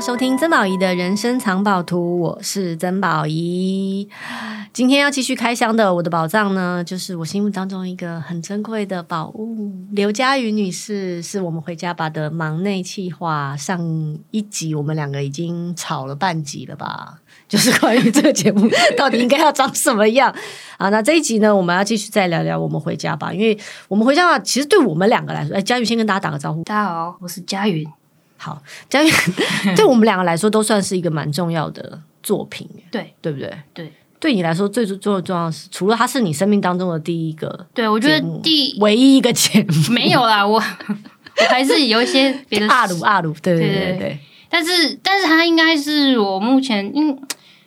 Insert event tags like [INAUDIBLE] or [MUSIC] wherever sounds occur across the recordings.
收聽曾寶儀的人生藏寶圖，我是曾寶儀。今天要繼續開箱的我的寶藏呢，就是我心目當中一個很珍貴的寶物。劉佳昀女士是我們回家吧的忙內企劃。上一集，我們兩個已經吵了半集了吧？就是關於這個節目到底應該要長什麼樣啊？ [LAUGHS] 好，那這一集呢，我們要繼續再聊聊我們回家吧，因為我們回家吧其實對我們兩個來說，哎，佳昀先跟大家打個招呼，大家好，我是佳昀。好，這樣對我們兩個來說都算是一個蠻重要的作品， [LAUGHS] 對對不對？對，對你來說最最重要重要是，除了他是你生命當中的第一個，對我覺得第唯一一個節目。沒有啦，我我還是有一些別的阿魯阿魯，對對對對，對對對對但是但是他應該是我目前，因為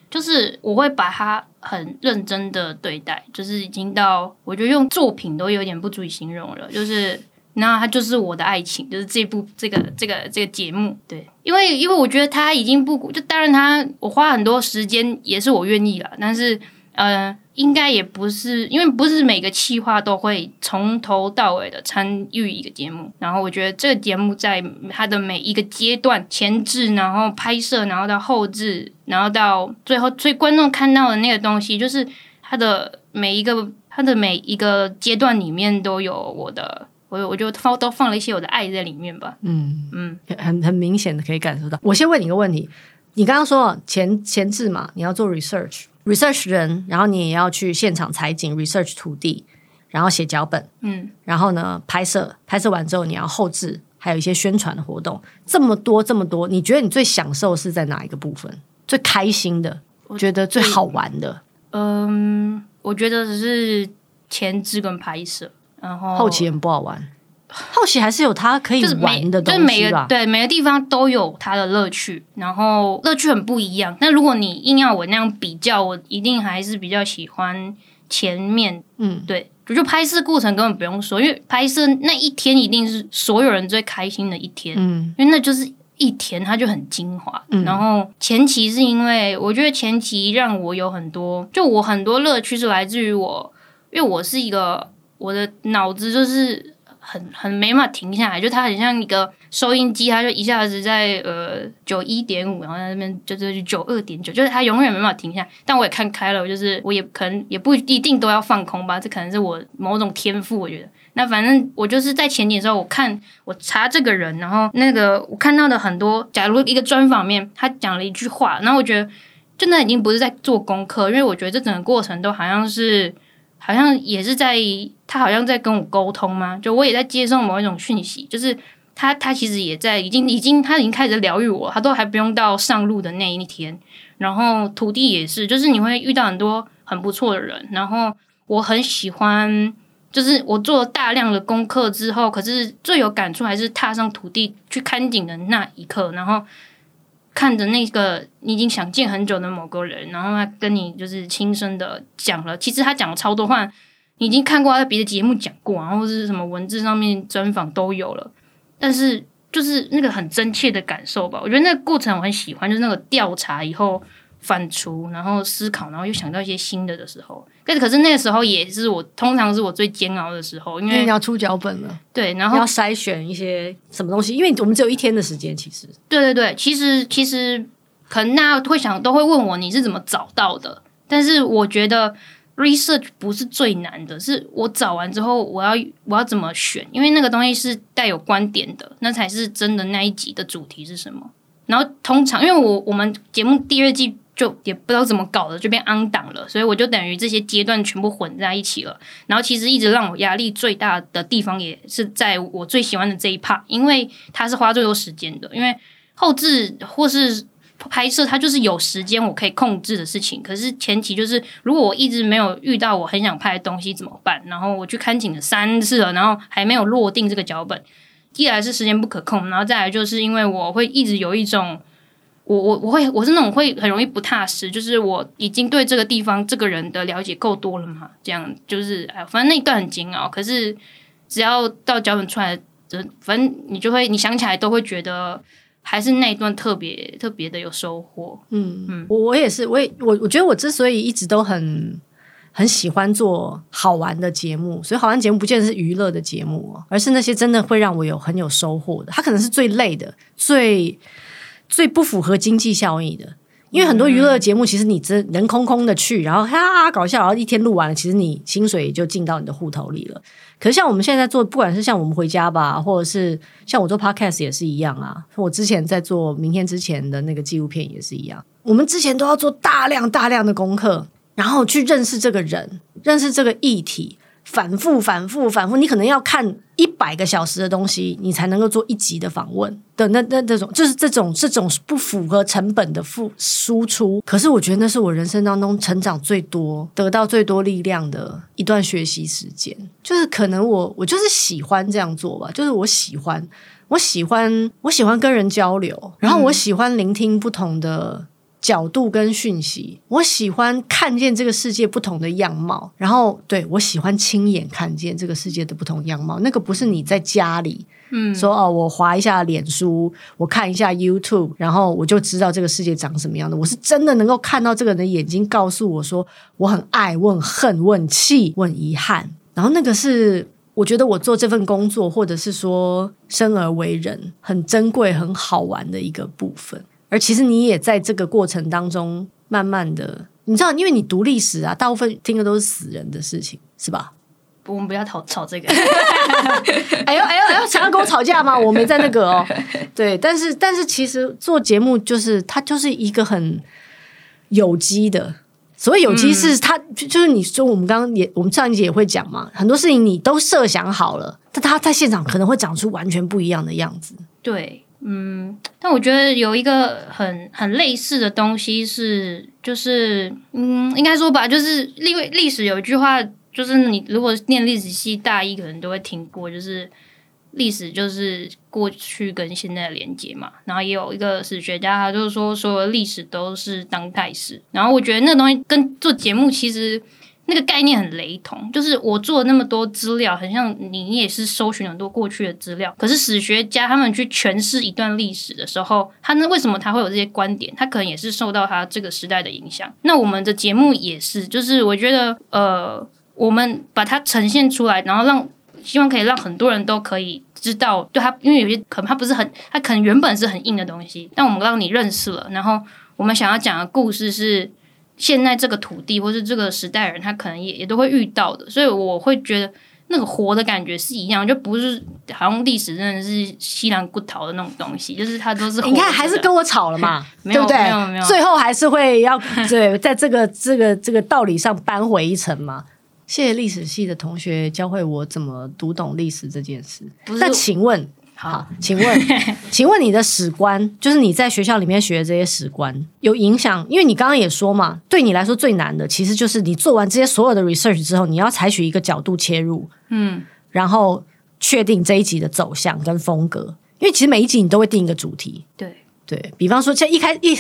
就是我會把他很認真的對待，就是已經到我覺得用作品都有點不足以形容了，就是。那它就是我的愛情，就是這部這個這個這個節目，對，因為因為我覺得他已經不就當然他我花很多時間也是我願意了，但是呃，應該也不是，因為不是每個企劃都會從頭到尾的參與一個節目，然後我覺得這個節目在它的每一個階段前製，然後拍攝，然後到後製，然後到最後，所以觀眾看到的那個東西，就是它的每一個它的每一個階段裡面都有我的。我我就都放了一些我的愛在裡面吧。嗯嗯，嗯，很很明顯的可以感受到。我先問你一個問題，你剛剛說前前置嘛，你要做 research，research rese 人，然後你也要去現場採景，research 土地，然後寫腳本，嗯，然後呢拍攝，拍攝完之後你要後置，還有一些宣傳的活動，這麼多這麼多，你覺得你最享受是在哪一個部分？最開心的，我覺得最好玩的？嗯，我覺得只是前置跟拍攝。然後後期很不好玩，後期還是有它可以玩的東西，就每個對每個地方都有它的樂趣，然後樂趣很不一樣。但如果你硬要我那樣比較，我一定還是比較喜歡前面。嗯，對，就拍攝過程根本不用說，因為拍攝那一天一定是所有人最開心的一天，嗯，因為那就是一天，它就很精華。嗯、然後前期是因為我覺得前期讓我有很多，就我很多樂趣是來自於我，因為我是一個。我的腦子就是很很沒辦法停下來，就它很像一個收音機，它就一下子在呃九一點五，5, 然後在那邊就就九二點九，就是它永遠沒辦法停下。但我也看開了，我就是我也可能也不一定都要放空吧，這可能是我某種天賦，我覺得。那反正我就是在前天的時候，我看我查這個人，然後那個我看到的很多，假如一個專訪面，他講了一句話，然後我覺得真的已經不是在做功課，因為我覺得這整個過程都好像是。好像也是在，他好像在跟我溝通嘛，就我也在接受某一種訊息，就是他他其實也在，已經已經他已經開始療癒我，他都還不用到上路的那一天。然後土地也是，就是你會遇到很多很不錯的人。然後我很喜歡，就是我做了大量的功課之後，可是最有感觸還是踏上土地去看景的那一刻。然後。看着那個你已經想見很久的某個人，然後他跟你就是親身的講了，其實他講了超多話，你已經看過他在別的節目講過，然後是什麼文字上面專訪都有了，但是就是那個很真切的感受吧，我覺得那個過程我很喜歡，就是那個調查以後。翻出，然後思考，然後又想到一些新的的時候，但可是那個時候也是我通常是我最煎熬的時候，因為，因為你要出腳本了，對，然後要篩選一些什麼東西，因為我們只有一天的時間，其實，對對對，其實其實可能大家會想都會問我你是怎麼找到的？但是我覺得 research 不是最難的，是我找完之後我要我要怎麼選，因為那個東西是帶有觀點的，那才是真的那一集的主題是什麼。然後通常因為我我們節目第二季。就也不知道怎麼搞的，就變 on 檔了，所以我就等於這些階段全部混在一起了。然後其實一直讓我壓力最大的地方也是在我最喜歡的這一 part，因為它是花最多時間的。因為後製或是拍攝，它就是有時間我可以控制的事情。可是前期就是，如果我一直沒有遇到我很想拍的東西怎麼辦？然後我去看景了三次了，然後還沒有落定這個腳本。一來是時間不可控，然後再來就是因為我會一直有一種。我我我會我是那種會很容易不踏實，就是我已經對這個地方這個人的了解夠多了嘛？這樣就是哎，反正那一段很煎熬。可是只要到腳本出來，就反正你就會你想起來都會覺得還是那一段特別特別的有收穫。嗯嗯，嗯我我也是，我也我我覺得我之所以一直都很很喜歡做好玩的節目，所以好玩節目不見得是娛樂的節目，而是那些真的會讓我有很有收穫的。它可能是最累的，最最不符合經濟效益的，因為很多娛樂節目，其實你只能空空的去，然後哈哈搞笑，然後一天錄完了，其實你薪水也就進到你的戶頭裡了。可是像我們現在在做，不管是像我們回家吧，或者是像我做 podcast 也是一樣啊。我之前在做明天之前的那個紀錄片也是一樣，我們之前都要做大量大量的功課，然後去認識這個人，認識這個議題。反覆、反覆、反覆，你可能要看一百個小時的東西，你才能夠做一集的訪問的那那那這種，就是這種這種不符合成本的付輸出。可是我覺得那是我人生當中成長最多、得到最多力量的一段學習時間。就是可能我我就是喜歡這樣做吧，就是我喜歡，我喜歡，我喜歡跟人交流，嗯、然後我喜歡聆聽不同的。角度跟訊息，我喜歡看見這個世界不同的樣貌。然後，對，我喜歡親眼看見這個世界的不同樣貌。那個不是你在家裡，嗯，說哦，我滑一下臉書，我看一下 YouTube，然後我就知道這個世界長什麼樣的。我是真的能夠看到這個人的眼睛，告訴我說我很愛，我很恨，我很氣，我很遺憾。然後那個是我覺得我做這份工作，或者是說生而為人，很珍貴、很好玩的一個部分。而其實你也在這個過程當中，慢慢的，你知道，因為你讀歷史啊，大部分聽的都是死人的事情，是吧？我們不要吵吵這個。 [LAUGHS] [LAUGHS] 哎呦哎呦哎呦，想要跟我吵架嗎？我沒在那個哦。對，但是但是其實做節目就是它就是一個很有機的，所謂有機是它，嗯、就是你說我們剛剛也我們上一集也會講嘛，很多事情你都設想好了，但他在現場可能會長出完全不一樣的樣子。對。嗯，但我覺得有一個很很類似的東西是，就是嗯，應該說吧，就是因為歷史有一句話，就是你如果念歷史系大一，可能都會聽過，就是歷史就是過去跟現在連接嘛。然後也有一個史學家，他就是說所有歷史都是當代史。然後我覺得那個東西跟做節目其實。那個概念很雷同，就是我做了那麼多資料，很像你也是搜尋很多過去的資料。可是史學家他們去詮釋一段歷史的時候，他那為什麼他會有這些觀點？他可能也是受到他這個時代的影響。那我們的節目也是，就是我覺得呃，我們把它呈現出來，然後讓希望可以讓很多人都可以知道，對他，因為有些可能他不是很，他可能原本是很硬的東西，但我們讓你認識了。然後我們想要講的故事是。現在這個土地或者這個時代人，他可能也也都會遇到的，所以我會覺得那個活的感覺是一樣，就不是好像歷史真的是稀爛骨頭的那種東西，就是他都是你看還是跟我吵了嘛，對不對？沒有沒有沒有，最後還是會要對在這個這個這個道理上扳回一城嘛。 [LAUGHS] 謝謝歷史系的同學教會我怎麼讀懂歷史這件事。不是，那請問。好， [LAUGHS] 請問，請問你的史觀，就是你在學校裡面學的這些史觀有影響？因為你剛剛也說嘛，對你來說最難的，其實就是你做完這些所有的 research 之後，你要採取一個角度切入，嗯，然後確定這一集的走向跟風格。因為其實每一集你都會定一個主題，對，對，比方說像一開一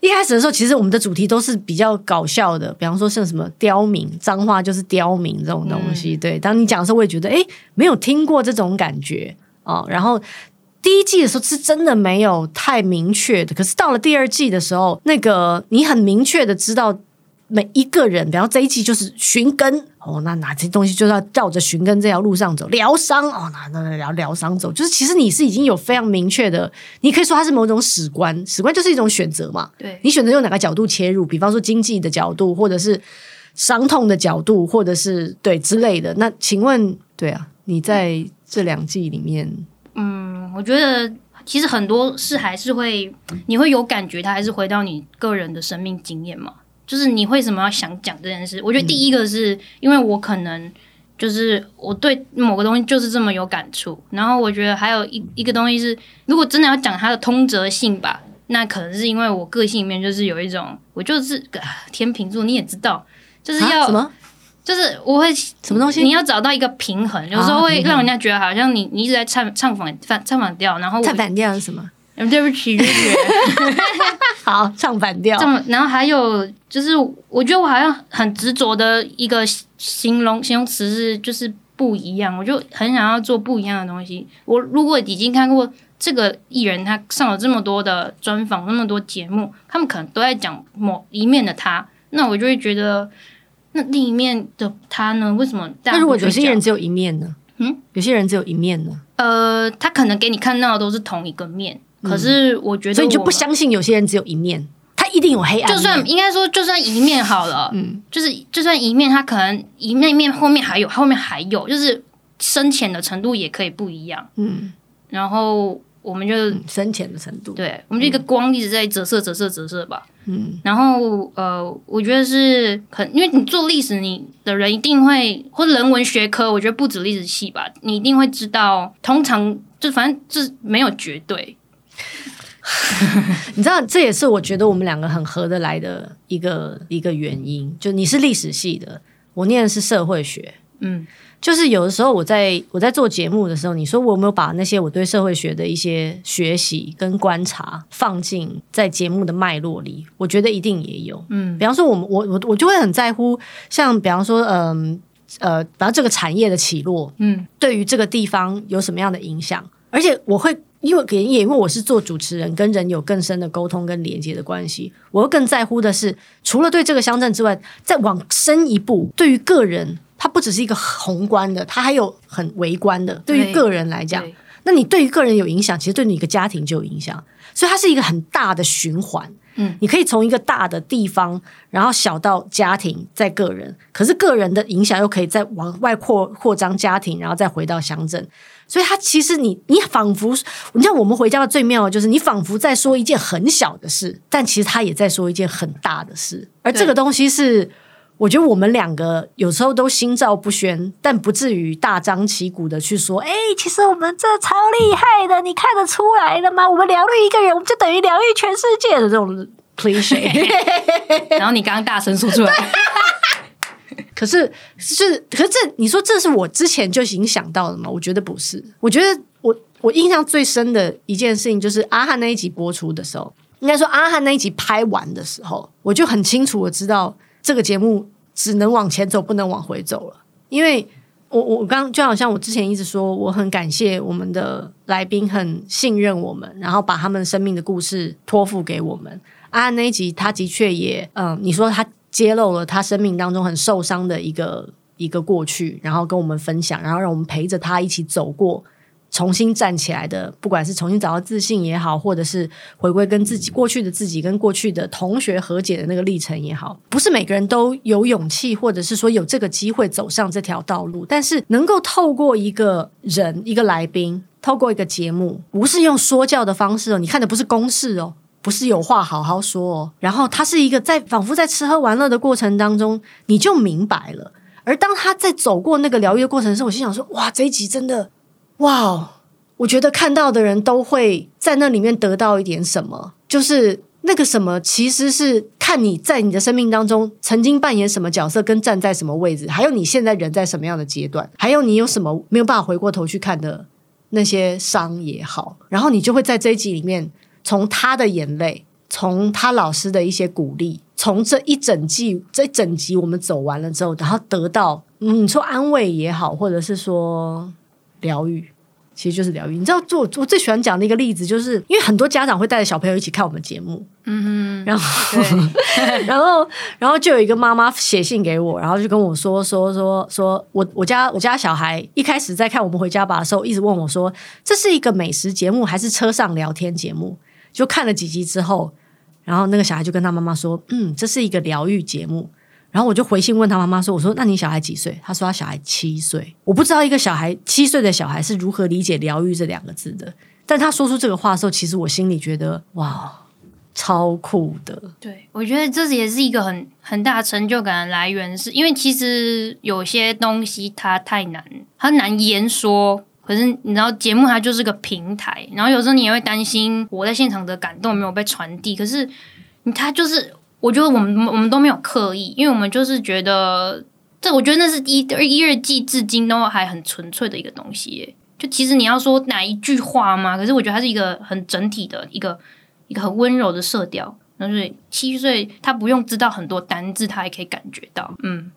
一開始的時候，其實我們的主題都是比較搞笑的，比方說像什麼刁民、髒話就是刁民這種東西。嗯、對，當你講的時候，我也覺得哎，沒有聽過這種感覺。哦，然後第一季的時候是真的沒有太明確的，可是到了第二季的時候，那個你很明確的知道每一個人，比方這一季就是尋根哦，那哪些東西就是要照着尋根這條路上走，療傷哦，那那療療傷走，就是其實你是已經有非常明確的，你可以說它是某種史觀，史觀就是一種選擇嘛，對，你選擇用哪個角度切入，比方說經濟的角度，或者是傷痛的角度，或者是對之類的。那請問，對啊。你在這兩季裡面，嗯，我覺得其實很多事還是會，嗯、你會有感覺，它還是回到你個人的生命經驗嘛。就是你為什麼要想講這件事？我覺得第一個是、嗯、因為我可能就是我對某個東西就是這麼有感觸。然後我覺得還有一、嗯、一個東西是，如果真的要講它的通則性吧，那可能是因為我個性裡面就是有一種，我就是、呃、天秤座，你也知道，就是要、啊、什麼。就是我會什麼東西，你要找到一個平衡，哦、有時候會讓人家覺得好像你平衡、你一直在唱唱,唱,唱反唱反調，然後我唱反調是什麼？對不起，對不起，好唱反調。然後還有就是，我覺得我好像很執着的一個形容形容詞是就是不一樣，我就很想要做不一樣的東西。我如果已經看過這個藝人，他上了這麼多的專訪，那麼多節目，他們可能都在講某一面的他，那我就會覺得。那另一面的他呢？為什麼覺得？那如果有些人只有一面呢？嗯，有些人只有一面呢？呃，他可能給你看到的都是同一個面，嗯、可是我覺得我，所以就不相信有些人只有一面，他一定有黑暗。就算應該說，就算一面好了，嗯，就是就算一面，他可能一面一面後面還有，後面還有，就是深淺的程度也可以不一樣，嗯，然後。我們就、嗯、深淺的程度，對，我們就一個光一直在折射、折射、折射吧。嗯，然後呃，我覺得是很，因為你做歷史你的人一定會，或者人文學科，我覺得不止歷史系吧，你一定會知道，通常就反正就是沒有絕對。 [LAUGHS] 你知道，這也是我覺得我們兩個很合得來的一個一個原因，就你是歷史系的，我念的是社會學。嗯，就是有的時候我在我在做節目的時候，你說我有沒有把那些我對社會學的一些學習跟觀察放進在節目的脈絡裡？我覺得一定也有。嗯，比方說我，我們我我我就會很在乎，像比方說，嗯呃，呃、然後這個產業的起落，嗯，對於這個地方有什麼樣的影響？而且我會因為也因為我是做主持人，跟人有更深的溝通跟連接的關係，我會更在乎的是，除了對這個鄉鎮之外，再往深一步，對於個人。它不只是一個宏觀的，它還有很微觀的。對於個人來講，那你對於個人有影響，其實對你一個家庭就有影響，所以它是一個很大的循環。嗯，你可以從一個大的地方，然後小到家庭，在個人，可是個人的影響又可以再往外擴擴張家庭，然後再回到鄉鎮。所以它其實你你仿佛，你像我們回家的最妙的就是，你仿佛在說一件很小的事，但其實它也在說一件很大的事，而這個東西是。我覺得我們兩個有時候都心照不宣，但不至於大張旗鼓的去說。哎、欸，其實我們這超厲害的，你看得出來的嗎？我們療癒一個人，我們就等於療癒全世界的這種情緒 cliché。 [LAUGHS] 然後你剛剛大聲說出來對。 [LAUGHS] [LAUGHS] 可是，是可是這，你說這是我之前就已經想到的嗎？我覺得不是。我覺得我我印象最深的一件事情，就是阿漢那一集播出的時候，應該說阿漢那一集拍完的時候，我就很清楚，我知道。這個節目只能往前走，不能往回走了。因為我我剛就好像我之前一直說，我很感謝我們的來賓，很信任我們，然後把他們生命的故事托付給我們。安、啊、安那一集，他的確也，嗯，你說他揭露了他生命當中很受傷的一個一個過去，然後跟我們分享，然後讓我們陪着他一起走過。重新站起來的，不管是重新找到自信也好，或者是回歸跟自己過去的自己跟過去的同學和解的那個歷程也好，不是每個人都有勇氣，或者是說有這個機會走上這條道路。但是能夠透過一個人、一個來賓，透過一個節目，不是用說教的方式哦，你看的不是公式哦，不是有話好好說哦。然後他是一個在仿佛在吃喝玩樂的過程當中，你就明白了。而當他在走過那個療癒的過程的時候，我心想說：哇，這一集真的。哇、wow, 我覺得看到的人都會在那裡面得到一點什麼，就是那個什麼其實是看你在你的生命當中曾經扮演什麼角色，跟站在什麼位置，還有你現在人在什麼樣的階段，還有你有什麼沒有辦法回過頭去看的那些傷也好，然後你就會在這一集裡面，從他的眼淚，從他老師的一些鼓勵，從這一整季、這一整集我們走完了之後，然後得到你說安慰也好，或者是說。療癒其實就是療癒，你知道，做我，我最喜歡講的一個例子，就是因為很多家長會帶着小朋友一起看我們節目，嗯哼，然後，對 [LAUGHS] 然後，然後就有一個媽媽寫信給我，然後就跟我說說說說，我我家我家小孩一開始在看我們回家吧的時候，一直問我說，這是一個美食節目還是車上聊天節目？就看了幾集之後，然後那個小孩就跟他媽媽說，嗯，這是一個療癒節目。然後我就回信問他媽媽說：“我說那你小孩幾歲？”他說他小孩七歲。我不知道一個小孩七歲的小孩是如何理解“療癒”這兩個字的。但他說出這個話的時候，其實我心裡覺得哇，超酷的。對，我覺得這也是一個很很大的成就感的來源是，是因為其實有些東西它太難，它難言說。可是你知道，節目它就是個平台。然後有時候你也會擔心我在現場的感動沒有被傳遞。可是你，他就是。我覺得我們我們都沒有刻意，因為我們就是覺得這，我覺得那是一二一二季至今都還很純粹的一個東西。就其實你要說哪一句話嗎？可是我覺得它是一個很整體的一個一個很溫柔的色調。那所以七歲他不用知道很多單字，他也可以感覺到。嗯，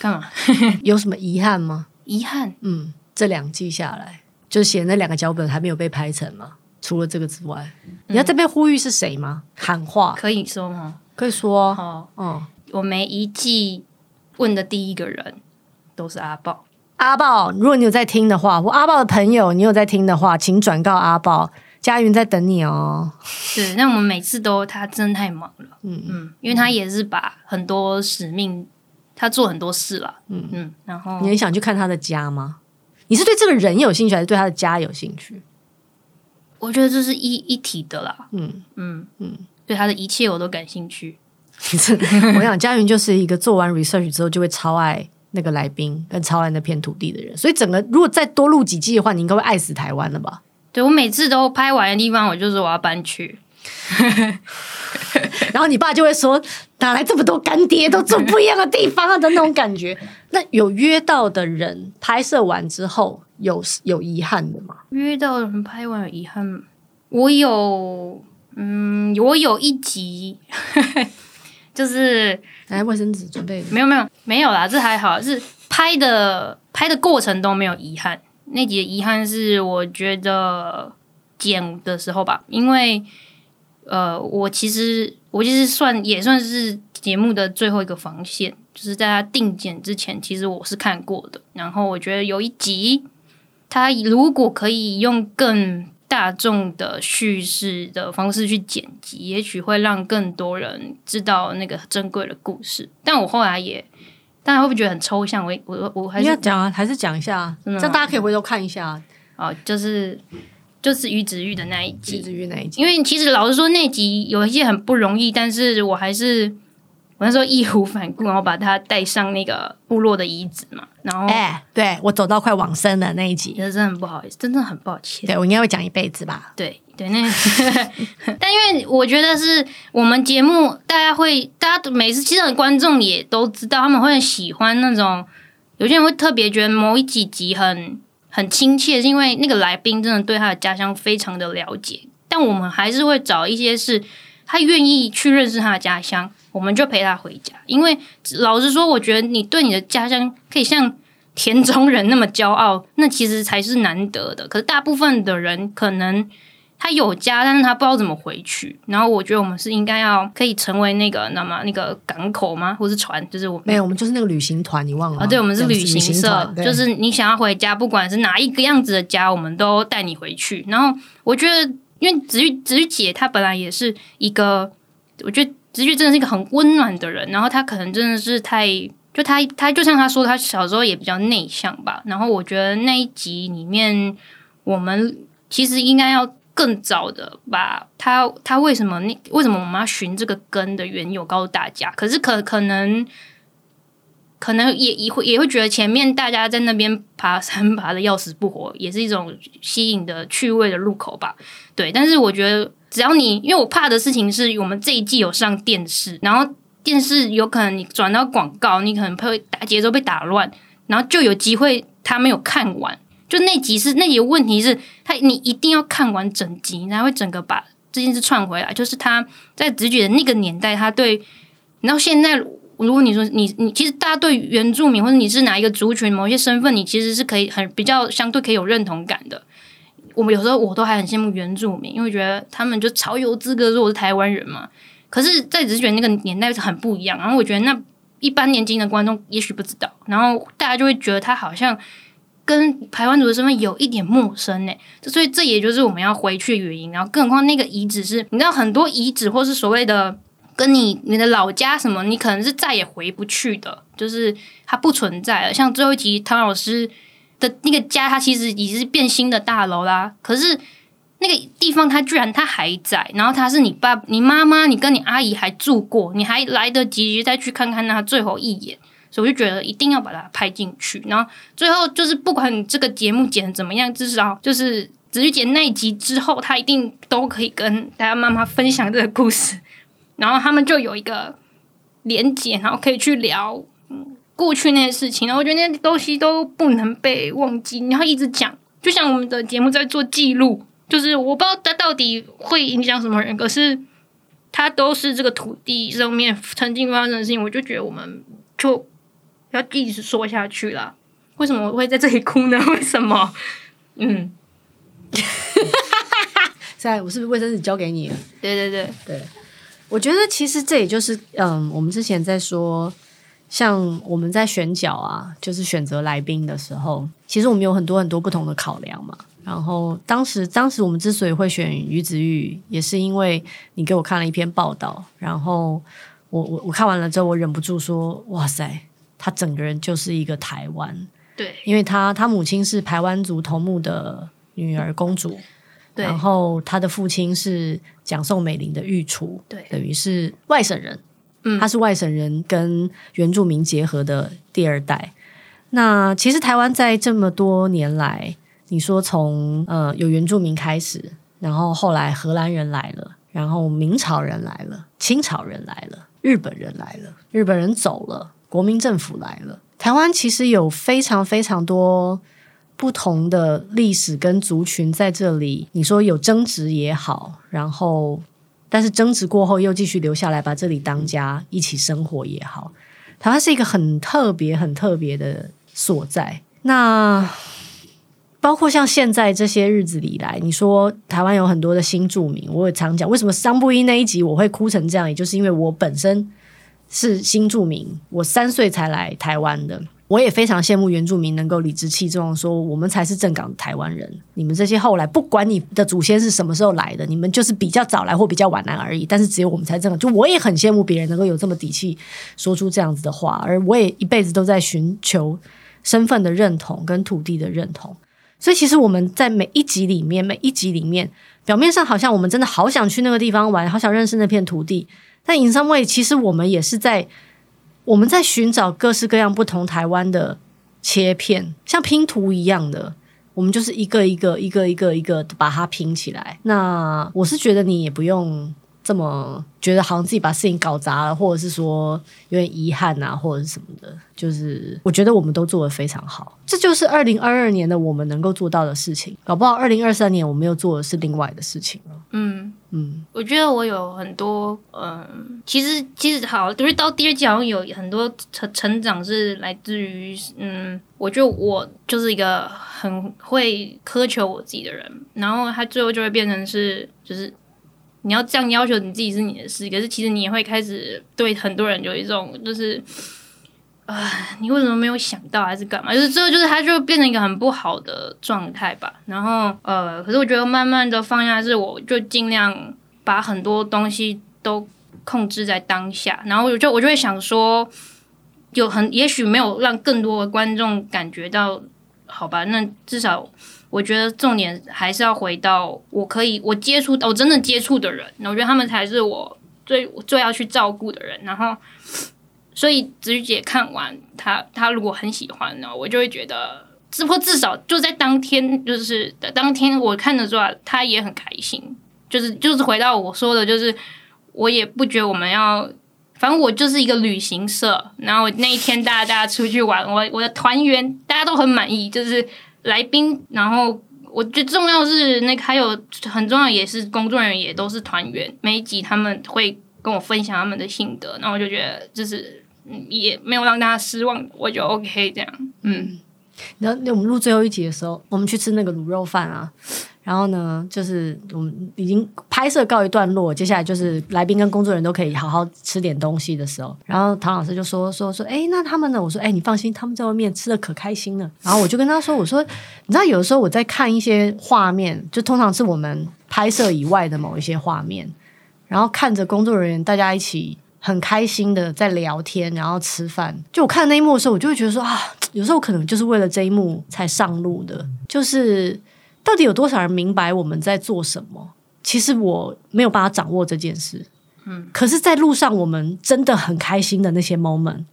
幹嘛？ [LAUGHS] 有什麼遺憾嗎？遺憾。嗯，這兩季下來就寫那兩個腳本還沒有被拍成嗎？除了這個之外，你要這邊呼籲是誰嗎？嗯、喊話可以說嗎？可以說哦，然後嗯，我每一季問的第一個人都是阿豹。阿豹，如果你有在聽的話，或阿豹的朋友，你有在聽的話，請轉告阿豹，佳昀在等你哦。對，那我們每次都他真的太忙了，嗯嗯，因為他也是把很多使命，他做很多事了，嗯嗯。然後，你很想去看他的家嗎？你是對這個人有興趣，還是對他的家有興趣？我覺得這是一一體的啦，嗯嗯嗯。嗯嗯對他的一切我都感興趣。 [LAUGHS] 我想佳昀就是一個做完 research 之後就會超愛那個來賓跟超愛那片土地的人，所以整個如果再多錄幾季的話，你應該會愛死台灣了吧？對，我每次都拍完的地方，我就是我要搬去。 [LAUGHS] 然後你爸就會說：“哪來這麼多乾爹，都住不一樣的地方，啊、的那種感覺。” [LAUGHS] 那有約到的人拍攝完之後有有遺憾的嗎？約到的人拍完有遺憾嗎？我有。嗯，我有一集， [LAUGHS] 就是來衛生紙準備沒有沒有沒有啦，這還好，是拍的拍的過程都沒有遺憾。那集的遺憾是我覺得剪的時候吧，因為呃，我其實我其實算也算是節目的最後一個防線，就是在他定剪之前，其實我是看過的。然後我覺得有一集，他如果可以用更。大眾的敘事的方式去剪輯，也許會讓更多人知道那個珍貴的故事。但我後來也，大家會不會覺得很抽象？我我我還是要講啊，還是講一下，真的這大家可以回頭看一下啊，嗯。就是就是於子玉的那一集，於子玉那一集，因為其實老實說，那集有一些很不容易，但是我還是。我那時候義無反顧，然後把他帶上那個部落的遺址嘛，然後哎、欸，對，我走到快往生的那一集真，真的很不好意思，真的很抱歉。對，我應該會講一輩子吧？對對，那個、 [LAUGHS] [LAUGHS] 但因為我覺得是我們節目，大家會，大家每次其實觀眾也都知道，他們會很喜歡那種，有些人會特別覺得某一幾集，集很很親切，是因為那個來賓真的對他的家鄉非常的了解，但我們還是會找一些事。他願意去認識他的家鄉，我們就陪他回家。因為老實說，我覺得你對你的家鄉可以像田中人那麼驕傲，那其實才是難得的。可是大部分的人可能他有家，但是他不知道怎麼回去。然後我覺得我們是應該要可以成為那個，那麼、那個港口嗎？或是船？就是我們沒有，我們就是那個旅行團。你忘了？啊，對，我們是旅行社。那是旅行團，對。就是你想要回家，不管是哪一個樣子的家，我們都帶你回去。然後我覺得。因為子玉、子玉姐她本來也是一個，我覺得子玉真的是一個很溫暖的人。然後她可能真的是太，就她她就像她說，她小時候也比較內向吧。然後我覺得那一集裡面，我們其實應該要更早的把她，她為什麼，那為什麼我們要尋這個根的緣由告訴大家。可是可可能。可能也也會也會覺得前面大家在那邊爬山爬的要死不活，也是一種吸引的趣味的入口吧。對，但是我覺得只要你，因為我怕的事情是我們這一季有上電視，然後電視有可能你轉到廣告，你可能會打節奏被打亂，然後就有機會他沒有看完。就那集是那個問題是他你一定要看完整集，才會整個把這件事串回來。就是他在直覺的那個年代，他對，然後現在。如果你說你你其實大家對原住民或者你是哪一個族群、某一些身份，你其實是可以很比較相對可以有認同感的。我們有時候我都還很羨慕原住民，因為覺得他們就超有資格說我是台灣人嘛。可是，在直選那個年代是很不一樣。然後我覺得那一般年輕的觀眾也許不知道，然後大家就會覺得他好像跟台灣族的身份有一點陌生呢、欸。所以這也就是我們要回去的原因。然後更何況那個遺址是，你知道很多遺址或是所謂的。跟你你的老家什麼，你可能是再也回不去的，就是它不存在了。像最後一集湯老師的那個家，它其實已經是變新的大樓啦。可是那個地方，它居然它還在，然後它是你爸、你媽媽、你跟你阿姨還住過，你還來得及及再去看看它最後一眼。所以我就覺得一定要把它拍進去。然後最後就是不管你這個節目剪的怎麼樣，至少就是只是剪那一集之後，他一定都可以跟大家媽媽分享這個故事。然後他們就有一個連結，然後可以去聊，嗯，過去那些事情，然後我覺得那些東西都不能被忘記，你要一直講。就像我們的節目在做記錄，就是我不知道它到底會影響什麼人，可是它都是這個土地上面曾經發生的事情，我就覺得我們就要一直說下去了。為什麼我會在這裡哭呢？為什麼？嗯，在 [LAUGHS] 我是不是衛生紙交給你？對對對對。對我覺得其實，這也就是，嗯，我們之前在說，像我們在選角啊，就是選擇來賓的時候，其實我們有很多很多不同的考量嘛。然後當時，當時我們之所以會選於子玉，也是因為你給我看了一篇報道，然後我我我看完了之後，我忍不住說：“哇塞，他整個人就是一個台灣。”對，因為他他母親是台灣族頭目的女兒公主。然後他的父親是蔣宋美齡的御廚，對等於是外省人。嗯，他是外省人跟原住民結合的第二代。那其實台灣在這麼多年來，你說從呃有原住民開始，然後後來荷蘭人來了，然後明朝人來了，清朝人來了，日本人來了，日本人走了，國民政府來了，台灣其實有非常非常多，不同的歷史跟族群，在這裡，你說有爭執也好，然後但是爭執過後又繼續留下來，把這裡當家，嗯、一起生活也好，台灣是一個很特別、很特別的所在。那包括像現在這些日子裡來，你說台灣有很多的新住民，我也常講，為什麼《桑布伊》那一集我會哭成這樣，也就是因為我本身是新住民，我三歲才來台灣的。我也非常羨慕原住民能夠理直氣壯說，我們才是正港的台灣人，你們這些後來不管你的祖先是什麼時候來的，你們就是比較早來或比較晚來而已，但是只有我們才正港。就我也很羨慕別人能夠有這麼底氣說出這樣子的話，而我也一輩子都在尋求身份的認同跟土地的認同。所以其實我們在每一集裡面，每一集裡面表面上好像我們真的好想去那個地方玩，好想認識那片土地，但 in some way 其實我們也是在。我們在尋找各式各樣不同台灣的切片，像拼圖一樣的，我們就是一個一個一個一個一個把它拼起來。那我是覺得你也不用。這麼覺得好像自己把事情搞砸了，或者是說有點遺憾啊，或者是什麼的，就是我覺得我們都做得非常好，這就是二零二二年的我們能夠做到的事情。搞不好二零二三年我們又做的是另外的事情。嗯嗯，嗯，我覺得我有很多，嗯，其實其實好，就是到第二季好像有很多成成長是來自於，嗯，我覺得我就是一個很會苛求我自己的人，然後他最後就會變成是就是。你要這樣要求你自己是你的事，可是其實你也會開始對很多人有一種就是，啊、呃，你為什麼沒有想到還是幹嘛？就是最後就是他就變成一個很不好的狀態吧。然後呃，可是我覺得慢慢的放下是，我就儘量把很多東西都控制在當下。然後我就我就會想說，有很也許沒有讓更多的觀眾感覺到，好吧，那至少。我覺得重點還是要回到我可以我接觸到我真的接觸的人，我覺得他們才是我最我最要去照顧的人。然後，所以子瑜姐看完他，他如果很喜歡呢，我就會覺得只不過至少就在當天，就是當天我看得出來他也很開心。就是就是回到我說的，就是我也不覺得我們要，反正我就是一個旅行社。然後那一天大家大家出去玩，我我的團員大家都很滿意，就是。來賓，然後我最重要的是那個，還有很重要的也是工作人員也都是團員。每一集他們會跟我分享他們的心得，然後我就覺得就是，也沒有讓大家失望，我就 OK 這樣。嗯，那那我們錄最後一集的時候，我們去吃那個滷肉飯啊。然後呢，就是我們已經拍攝告一段落，接下來就是來賓跟工作人員都可以好好吃點東西的時候。然後唐老師就說：“說說，哎，那他們呢？”我說：“哎，你放心，他們在外面吃的可開心了。”然後我就跟他說：“我說，你知道，有時候我在看一些畫面，就通常是我們拍攝以外的某一些畫面，然後看着工作人員大家一起很開心的在聊天，然後吃飯。就我看那一幕的時候，我就會覺得說啊，有時候可能就是為了這一幕才上路的，就是。”到底有多少人明白我們在做什麼？其實我沒有辦法掌握這件事。嗯，可是，在路上我們真的很開心的那些 moment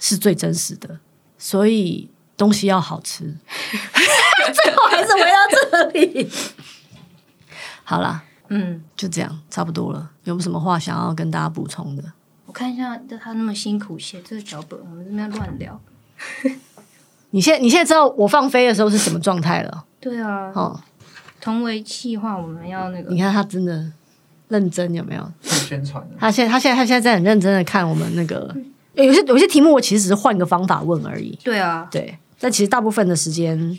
是最真實的。所以，東西要好吃。 [LAUGHS] [LAUGHS] [LAUGHS] 最後還是回到這裡。好啦，嗯，就這樣，差不多了。有沒有什麼話想要跟大家補充的？我看一下，就他那麼辛苦寫這個腳本，我們這邊亂聊。 [LAUGHS] 你現在，你現在知道我放飛的時候是什麼狀態了？對啊，哦，同為企劃，我們要那個、哦。你看他真的認真有沒有？宣傳他。他現在他現在他現在在很認真的看我們那個。嗯欸、有些有些題目我其實只是換個方法問而已。對啊，對，但其實大部分的時間，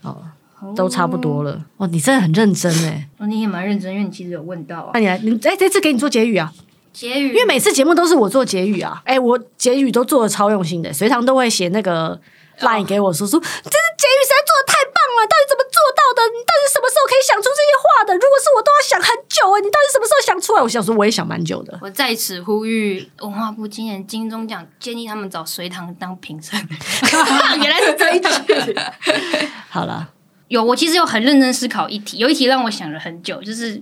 哦，哦都差不多了。哦，你真的很認真哎！我、哦、你也蠻認真，因為你其實有問到啊。那你來，你哎、欸，這次給你做結語啊？結語。因為每次節目都是我做結語啊。哎、欸，我結語都做的超用心的，隨堂都會寫那個 line 給我說說、啊。真的，結語實在做的太。到底怎麼做到的？你到底什麼時候可以想出這些話的？如果是我，都要想很久哎、欸，你到底什麼時候想出來？我想說，我也想蠻久的。我在此呼籲文化部今年金鐘獎，建議他們找隋唐當評審。 [LAUGHS] [LAUGHS] 原來是這一題。 [LAUGHS] 好了啦，有我其實有很認真思考一題，有一題讓我想了很久，就是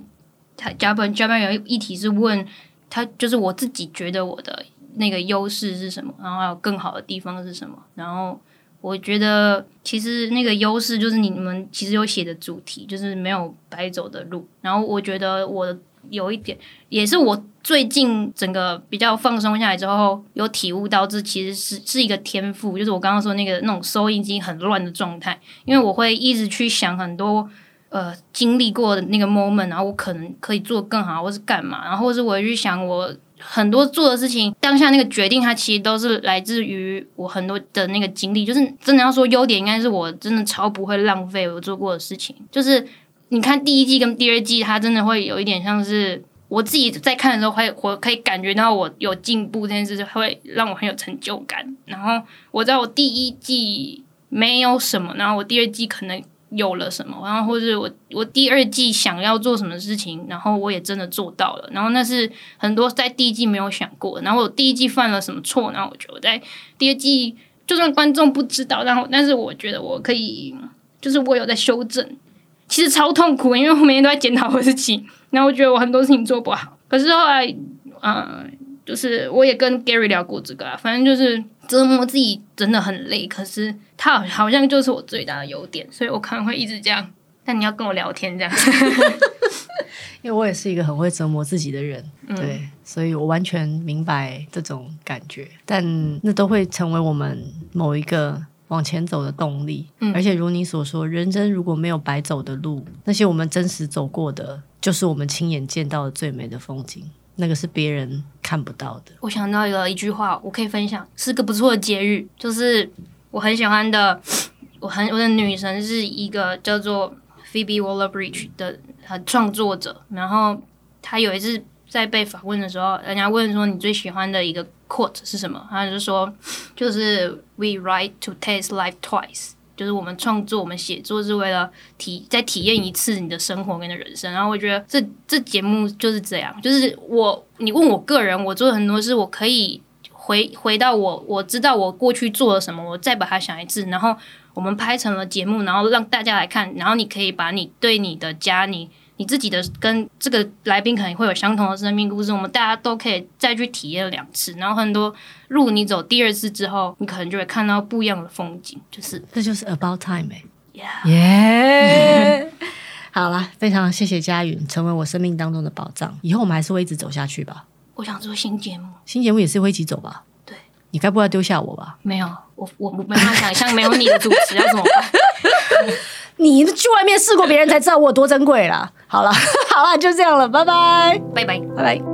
他嘉賓嘉賓有一題是問他，就是我自己覺得我的那個優勢是什麼，然後還有更好的地方是什麼，然後。我覺得其實那個優勢就是你們其實有寫的主題，就是沒有白走的路。然後我覺得我有一點，也是我最近整個比較放鬆下來之後，有體悟到這其實是是一個天賦。就是我剛剛說那個那種收音機很亂的狀態，因為我會一直去想很多呃經歷過的那個 moment，然後我可能可以做更好，或是幹嘛，然後或是我就去想我。很多做的事情，當下那個決定，它其實都是來自於我很多的那個經歷。就是真的要說優點，應該是我真的超不會浪費我做過的事情。就是你看第一季跟第二季，它真的會有一點像是我自己在看的時候會，會我可以感覺到我有進步這件事，就會讓我很有成就感。然後我知道我第一季沒有什麼，然後我第二季可能，有了什麼，然後或是我我第二季想要做什麼事情，然後我也真的做到了。然後那是很多在第一季沒有想過。然後我第一季犯了什麼錯，然後我覺得我在第二季，就算觀眾不知道，然後但是我覺得我可以，就是我有在修正。其實超痛苦，因為我每天都在檢討我自己。然後我覺得我很多事情做不好，可是後來，嗯、呃，就是我也跟 Gary 聊過這個，反正就是。折磨自己真的很累，可是他好像就是我最大的優點，所以我可能會一直這樣。但你要跟我聊天這樣子， [LAUGHS] 因為我也是一個很會折磨自己的人，嗯、對，所以我完全明白這種感覺。但那都會成為我們某一個往前走的動力。嗯、而且如你所說，人生如果沒有白走的路，那些我們真實走過的，就是我們親眼見到的最美的風景。那個是別人看不到的。我想到一個一句話，我可以分享，是個不錯的結語，就是我很喜歡的，我很我的女神是一個叫做 Phoebe Waller-Bridge 的、的創作者。然後她有一次在被訪問的時候，人家問說你最喜歡的一個 quote 是什麼？她就說：“就是 We write to taste life twice。”就是我們創作，我們寫作是為了體再體驗一次你的生活跟的人生。然後我覺得這這節目就是這樣，就是我你問我個人，我做了很多事，我可以回回到我我知道我過去做了什麼，我再把它想一次，然後我們拍成了節目，然後讓大家來看，然後你可以把你對你的家你。你自己的跟這個來賓可能會有相同的生命故事，我們大家都可以再去體驗兩次，然後很多路你走第二次之後，你可能就會看到不一樣的風景，就是這就是 about time 哎，耶！好啦，非常謝謝佳昀，成為我生命當中的寶藏，以後我們還是會一直走下去吧。我想做新節目，新節目也是會一起走吧？對，你該不會要丟下我吧？沒有，我我無法想象沒有你的主持要怎麼辦。 [LAUGHS] 你去外面試過，別人才知道我有多珍貴啦。 [LAUGHS] 好啦，好啦，就這樣了，拜拜，拜拜，拜拜。